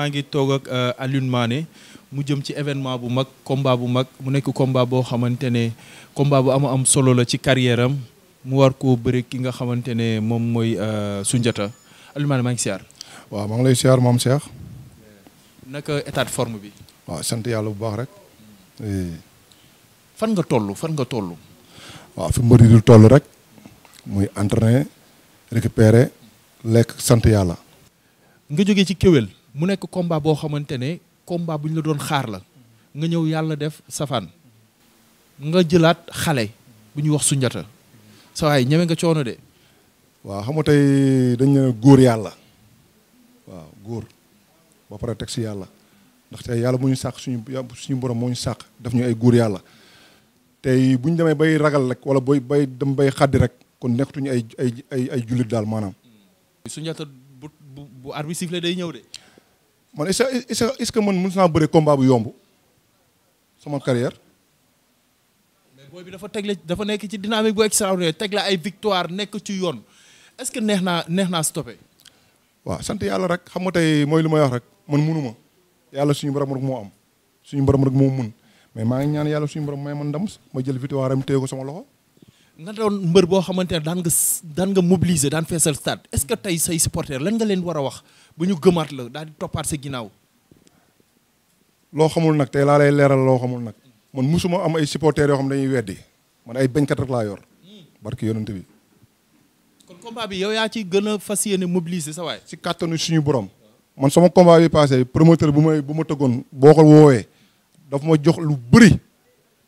maa ngi toog ak euh, Alioune Mané mu jëm ci événement bu mag combat bu mag mu nekk combat boo xamante ne combat bu am am solo la ci carrière mu war ko bëri ki nga xamante ne moom mooy euh, Soundiata Alioune Mané maa ngi siyaar. waaw maa ngi lay siyaar moom Cheikh. naka état forme bi. waaw sant yàlla bu baax rek. fan nga toll fan nga tollu waaw fi mbër yi dul toll rek. muy entraîner récupérer lekk sant yàlla. nga jógee ci kéwél. mu nekk combat boo xamante ne combat bu ñu la doon xaar la nga ñëw yàlla def safaan nga jëlaat xale bu ñuy wax Soundiata sa waay ñeme nga coono de. waaw xam nga tey dañ ne góor yàlla waaw góor ba teg si yàlla ndax tey yàlla mu ñu sàq suñu suñu borom moo sàq daf ñu ay góor yàlla tey bu ñu demee bay ragal rek wala bay bay dem bay xaddi rek kon nekkatuñu ay ay ay ay jullit daal maanaam. Soundiata bu bu bu arbitre sifflé day ñëw de. man est-ce que est-ce que man mën naa bëre combat bu yomb sama carrière mais booy bi dafa tegle dafa nekk ci dynamique bu extraordinaire teg la ay victoire nekk ci yoon est-ce que neex naa neex naa stoppé. waaw sant yàlla rek xam nga tey mooy li may wax rek man mënuma yàlla suñu borom rek moo am suñu borom rek moo mun mais maa ngi ñaan yàlla suñu borom may man ndam ma jël victoire am téye ko sama loxo. nga doon mbër boo xamante ne daan nga daan nga mobiliser daan feesal stade est-ce que tey say supporters lan nga leen war a wax ba ñu gëmaat la daal di toppaat sa ginnaaw. loo xamul nag te laa lay leeral loo xamul nag man musuma am ay supporters yoo xam dañuy weddi man ay bañkat rek laa yor barki yonent bi. kon combat bi yow yaa ci gën a fas yéene mobiliser sa waay. si kàttanu suñu borom. man sama combat bi passé promoteur bu may bu ma tëggoon boo ko woowee daf ma jox lu bëri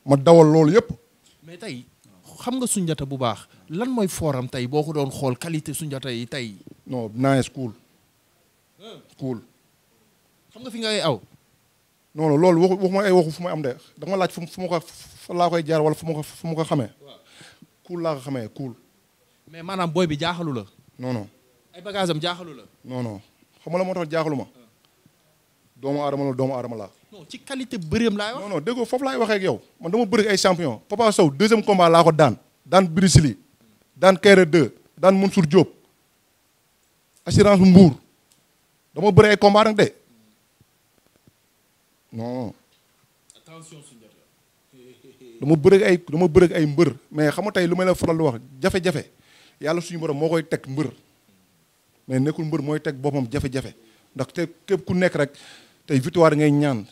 ma dawal loolu yëpp. mais tey xam nga Soundiata bu baax lan mooy fooram tey boo ko doon xool qualité Soundiata yi tey. non nice cool. cool. xam nga fi nga ay aw. non loolu waxu waxuma ay waxu fu ma am de da laaj fu fu ma ko fa laa koy jaar wala fu ma ko fu ma ko xamee. cool laa ko xamee kuul mais maanaam booy bi jaaxalu la. non non. ay bagages am jaaxalu la. non non xam nga la moo tax jaaxalu ma. doomu aadama la doomu aadama laa. non ci qualité bëreem laay wax. non non déggoo waxee yow man dama bëri ay champion Papa Sow deuxième combat laa ko daan daan Bruce daan Kayra 2 daan Mansour Diop assurance mbuur dama bëri ay combat nag dama bëri ay dama bëri ay mbër mais xam nga tey lu may la faral wax jafe-jafe yàlla suñu borom moo koy teg mbër mais nekkul mbër mooy teg boppam jafe-jafe ndax te képp ku nekk rek. tey victoire ngay ñaan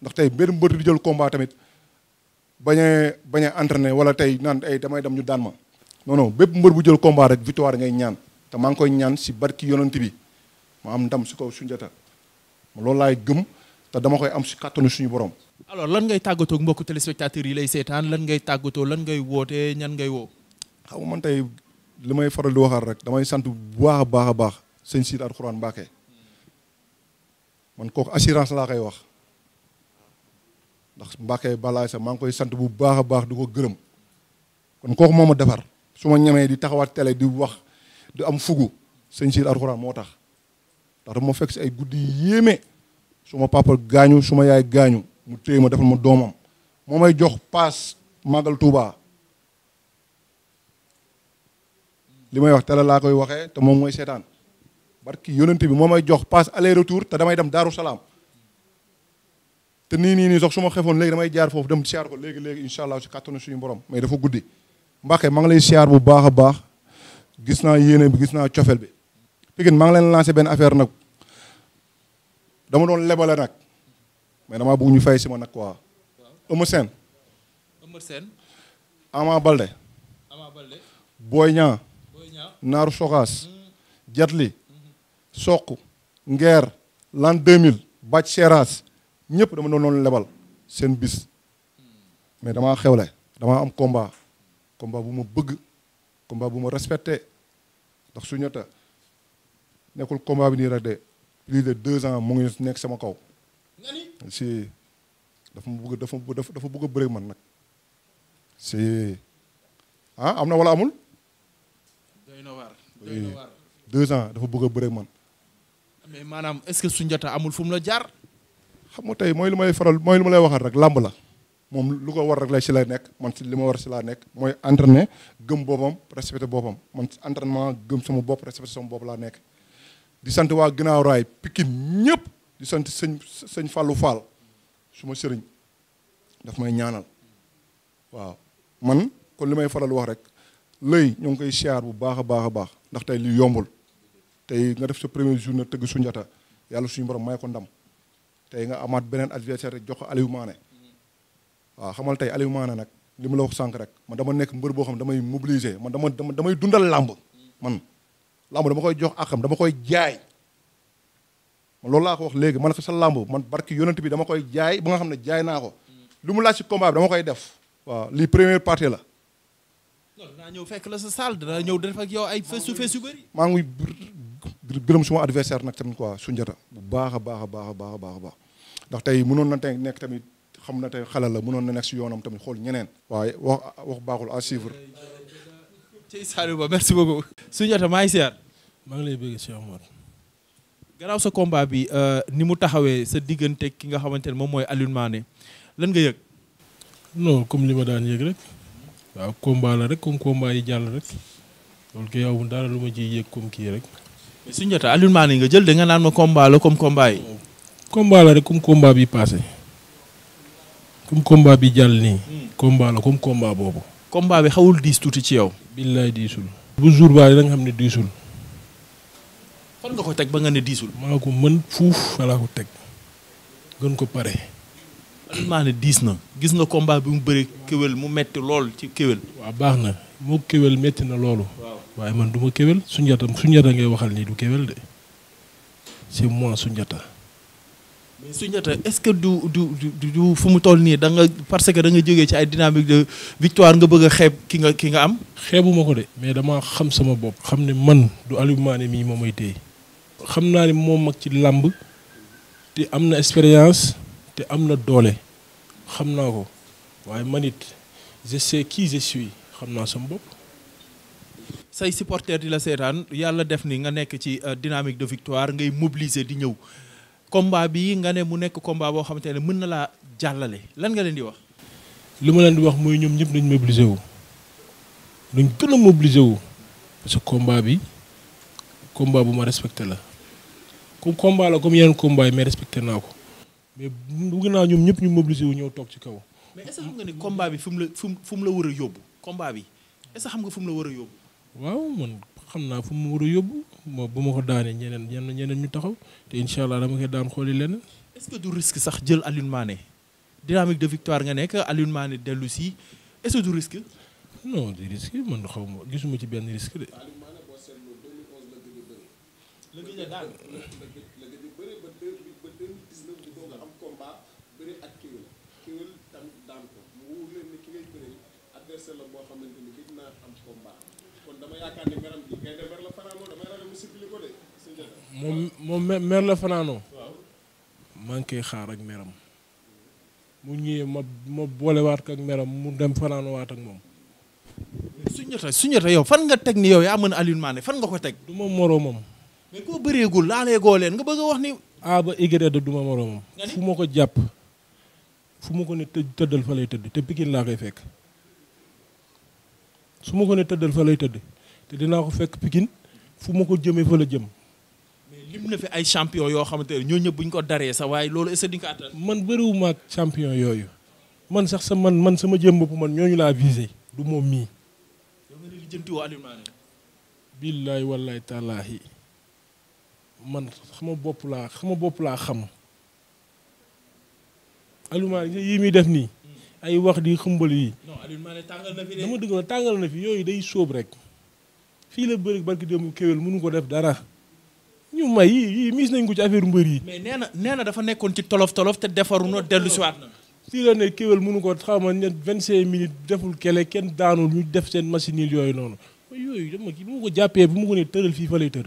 ndax tey benn mbër di jël combat tamit bañee bañ a entraîné wala tey naan ay damay dem ñu daan ma non bépp mbër bu jël combat rek victoire ngay ñaan te maa ngi koy ñaan si barki yonent bi ma am ndam si kaw Soundiata loolu laay gëm te dama koy am si kàttanu suñu borom. alors lan ngay tàggatoo ak mbokku téléspectateurs yi lay seetaan lan ngay tàggatoo lan ngay wootee ñan ngay woo. xam man tey li may faral di waxaat rek damay sant bu baax a a baax sëñ Sidi Alxuraan Mbàkke man kook assurance laa koy wax ndax Mbacke Balaye sax maa ngi koy sant bu baax a baax du ko gërëm kon kooku moo ma defar su ma ñemee di taxawaat tele di wax di am fugu sëñ si moo tax ndax dama fekk si ay guddi yéeme su ma papa gaañu su ma yaay gaañu mu téye ma defal ma doomam moo may jox paas màggal tuubaa li may wax tele laa koy waxee te moom mooy seetaan. barki yonent bi moo may jox passe aller retour te damay dem daaru salaam te nii nii nii sax su ma xefoon léegi damay jaar foofu dem siyaar ko léegi léegi incha allah si kàttanu suñu borom mais dafa guddi Mbacke maa ngi lay siyaar bu baax a baax gis naa yéene bi gis naa cofel bi Pikine maa ngi leen lancé benn affaire nag dama doon lebale nag mais dama bëgg ñu fay si ma nag quoi Eumeu Sène Eumeu Sène Ama Baldé Ama Baldé Jetli soq ngeer l'an 2000 bàcc seeraas ñëpp dama doon noonu lebal seen bis mais damaa xewle damaa am combat combat bu ma bëgg combat bu ma respecté ndax su ñetta nekkul combat bi nii rek de plus de deux ans mu ngi nekk sama kaw si dafa ma bëgg dafa dafa bëgg a man nag si ah am na wala amul doy na waar doy na deux ans dafa bëgg a bëre man mais maanaam est-ce que amul fu mu la jaar. xam nga tey mooy lu may faral mooy lu ma lay waxal rek làmb la moom lu ko war rek lay si lay nekk man si li ma war si laa nekk mooy entraîner gëm boppam respecter boppam man si entraînement gëm sama bopp respecter sama bopp laa di sant waa ginnaaw raay Pikine ñëpp di sant sëñ sëñ Fallou Fall su ma sëriñ daf may ñaanal waaw man kon li may faral wax rek lëy ñoo ngi koy siyaar bu baax a baax a baax ndax tey li yombul. tey nga def sa première journée tëgg Soundiata yàlla suñu borom may ko ndam tey nga amaat beneen adversaire rek jox ko Aliou Mané waaw xamal tey Aliou Mané nag li ma la wax sànq rek man dama nekk mbër boo xam damay mobiliser man dama damay dundal làmb man làmb dama koy jox akam dama koy jaay loolu laa ko wax léegi man ko sa làmb man barki yonent bi dama koy jaay ba nga xam ne jaay naa ko lu mu laaj si combat dama koy def waaw lii première partie la fekk la sa salle dinaa ñëw def ak yow ay feesu feesu gërëm suma adversaire nag tamit quoi Soundiata bu baax a baax a baax a baax a baax baax ndax tey mënoon na tey nekk tamit xam na tey xala la mënoon na nekk si yoonam tamit xool ñeneen waaye wax wax baaxul à suivre ci Ba merci beaucoup Soundiata maa ngi maa ngi lay bëgg Cheikh Omar garaaw sa combat bi euh, ni mu taxawee sa diggante ki nga xamante ne moom mooy Alioune Mané lan nga yëg non comme li ma daan yëg rek waaw combat la rek comme combat yi jàll rek loolu kay yow dara lu ma ji yëg comme rek suñu jot Alioune Mané nga jël da nga naan ma combat la comme combat yi. combat rek comme combat bi passé comme combat bi jàll nii. Hmm. combat comme combat boobu. combat bi xawul diis tuuti ci yow. billaay diisul. bu jour baa da nga xam ne diisul. fan nga ko teg ba nga ne diisul. maa ko mën fuuf falaa ko teg gën ko pare. Alioune diis na gis nga combat bi mu bëri kéwél mu metti lool ci kéwél. waaw baax na. moo kéwél métti na loolu. waaye man du ma kéwél Sunjata Sunjata ngay waxal nii du kéwél de c'est moi Sunjata. mais Sunjata est-ce que du du du fu mu toll nii da nga parce que da nga ci ay dynamique de victoire nga bëgg a xeeb ki nga ki nga am. xeebuma ko de mais dama xam sama bopp. xam ne man du Aliou Mané mii moo may téye. xam naa ne moo mag ci làmb te am na expérience te am na doole xam naa ko waaye man it je sais qui je suis. xam naa sama bopp. say supporters di la seetaan yàlla def ni nga nekk ci euh, dynamique de victoire ngay mobiliser di ñëw combat bi nga ne mu nekk combat boo xamante ne mën na laa jàllale lan leen di wax. li ma leen di wax mooy ñoom ñëpp nañ mobiliser wu dañ gën a mobiliser wu parce que bi combat bu ma respecté la comme combat la comme yeneen combat yi respecté naa ko mais bëgg naa ñoom ñëpp ñu mobiliser wu ñëw toog ci kaw. mais xam nga ni combat bi fu mu la fu mu la war a yóbbu. combat bi est-ce xam nga fu mu la war a yóbbu. waaw man xam naa fu mu war a yóbbu moo bu ma ko daanee ñeneen ñenn ñeneen ñu taxaw te incha allah dama koy daan xooli leneen. est-ce que du risque sax jël Alioune Mané dynamique de victoire nga nekk Alioune Mané dellu si est-ce que du risque. non du risque man xaw ma gisuma ci benn risque de. la gëj a lancé la boo xamante moom moom mer la fanaanoo maa ngi koy xaar ak meram mu ñëwee ma ma boolewaat ko ak meram mu dem fanaanoowaat ak moom suñata suñata yow fan nga teg ni yow yaa mën Alioune fan nga ko teg du ma moroomam mais koo bëreegul laaleegoo leen nga bëgg a wax ni a ba égréda moroomam fu ma ko jàpp fu ma ko ne tëddal fa lay tëdd te Pikine laa koy fekk su ma ko ne tëddal fa lay tëdd te dinaa ko fekk Pikine fu ma ko jëmee fa la jëm. mais lim ay champion yoo xamante ne ñooñu ñëpp bu ñu ko daree sax waaye loolu est-ce man bëriwuma ak champion yooyu man sax sa man man sama jëm bopp man ñooñu laa visé du moom mii. yow nga ne li jëntiwoo Aliou Mané. billaay wallaay taalaahi man xama bopp laa xam. Aliou Mané yii muy def nii. ay wax di xumbal yi. non Alioune Mané tàngal na fi de. dama dëgg ma tàngal na fi yooyu day sóob rek fii la bëri barki démb kéwél mënu ko def dara ñu may yii yii mis nañ ko ci affaire mbër yi. mais nee na nee na dafa nekkoon ci tolof tolof te defaru na dellu si waat na. fii la ne kéwél mënu ko xaw ma ñett 25 minutes deful kele kenn daanul ñu def seen machine yi yooyu noonu yooyu dama kii bu ma ko jàppee bu ma ko nee tëral fii fa lay tër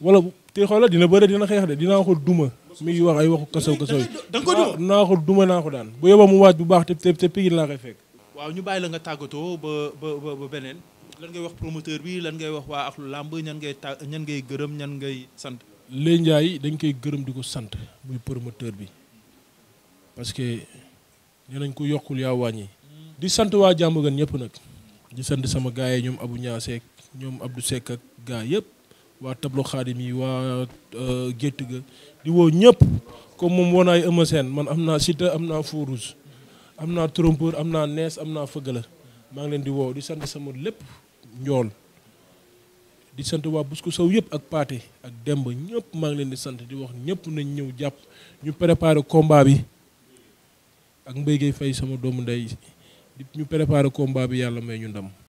wala te xoolal dina bëre dina xeex de dinaa ko duma. mi ngi wax ay waxu kasaw kasaw yi. da nga ko duma naa ko duma naa ko daan bu yóbboo mu waaj bu baax te te te pigil laa koy fekk. waaw ñu bàyyi la nga tàggatoo ba ba ba beneen lan ngay wax promoteur bi lan ngay wax waa ak lu làmb ñan ngay tà ñan ngay gërëm ñan ngay sant. Lé Ndiaye dañ koy gërëm di ko sant muy promoteur bi parce que nee nañ ko yokkul yaa wàññi. Hmm. di sant waa jàmm gan ñëpp nag. di sant sama gars yi ñoom Abou Niasse ak ñoom Abdou Seck ak yëpp. waa tableau xaadim yi waa euh, gétt ga di woo ñëpp comme moom woon ay Eumeu Sène man am naa Siteu am naa Feu Rouge am naa trompeur am naa nees am naa fëgala maa ngi leen di wow di sant sama lépp njool di sant waa bus ko Sow yëpp ak Paate ak demb ñëpp maa ngi leen di sant di wax ñëpp nañ ñëw jàpp ñu préparé kombaa bi ak mbéy gay fay sama doomu ndey ñu préparé combat bi yàlla may ñu ndam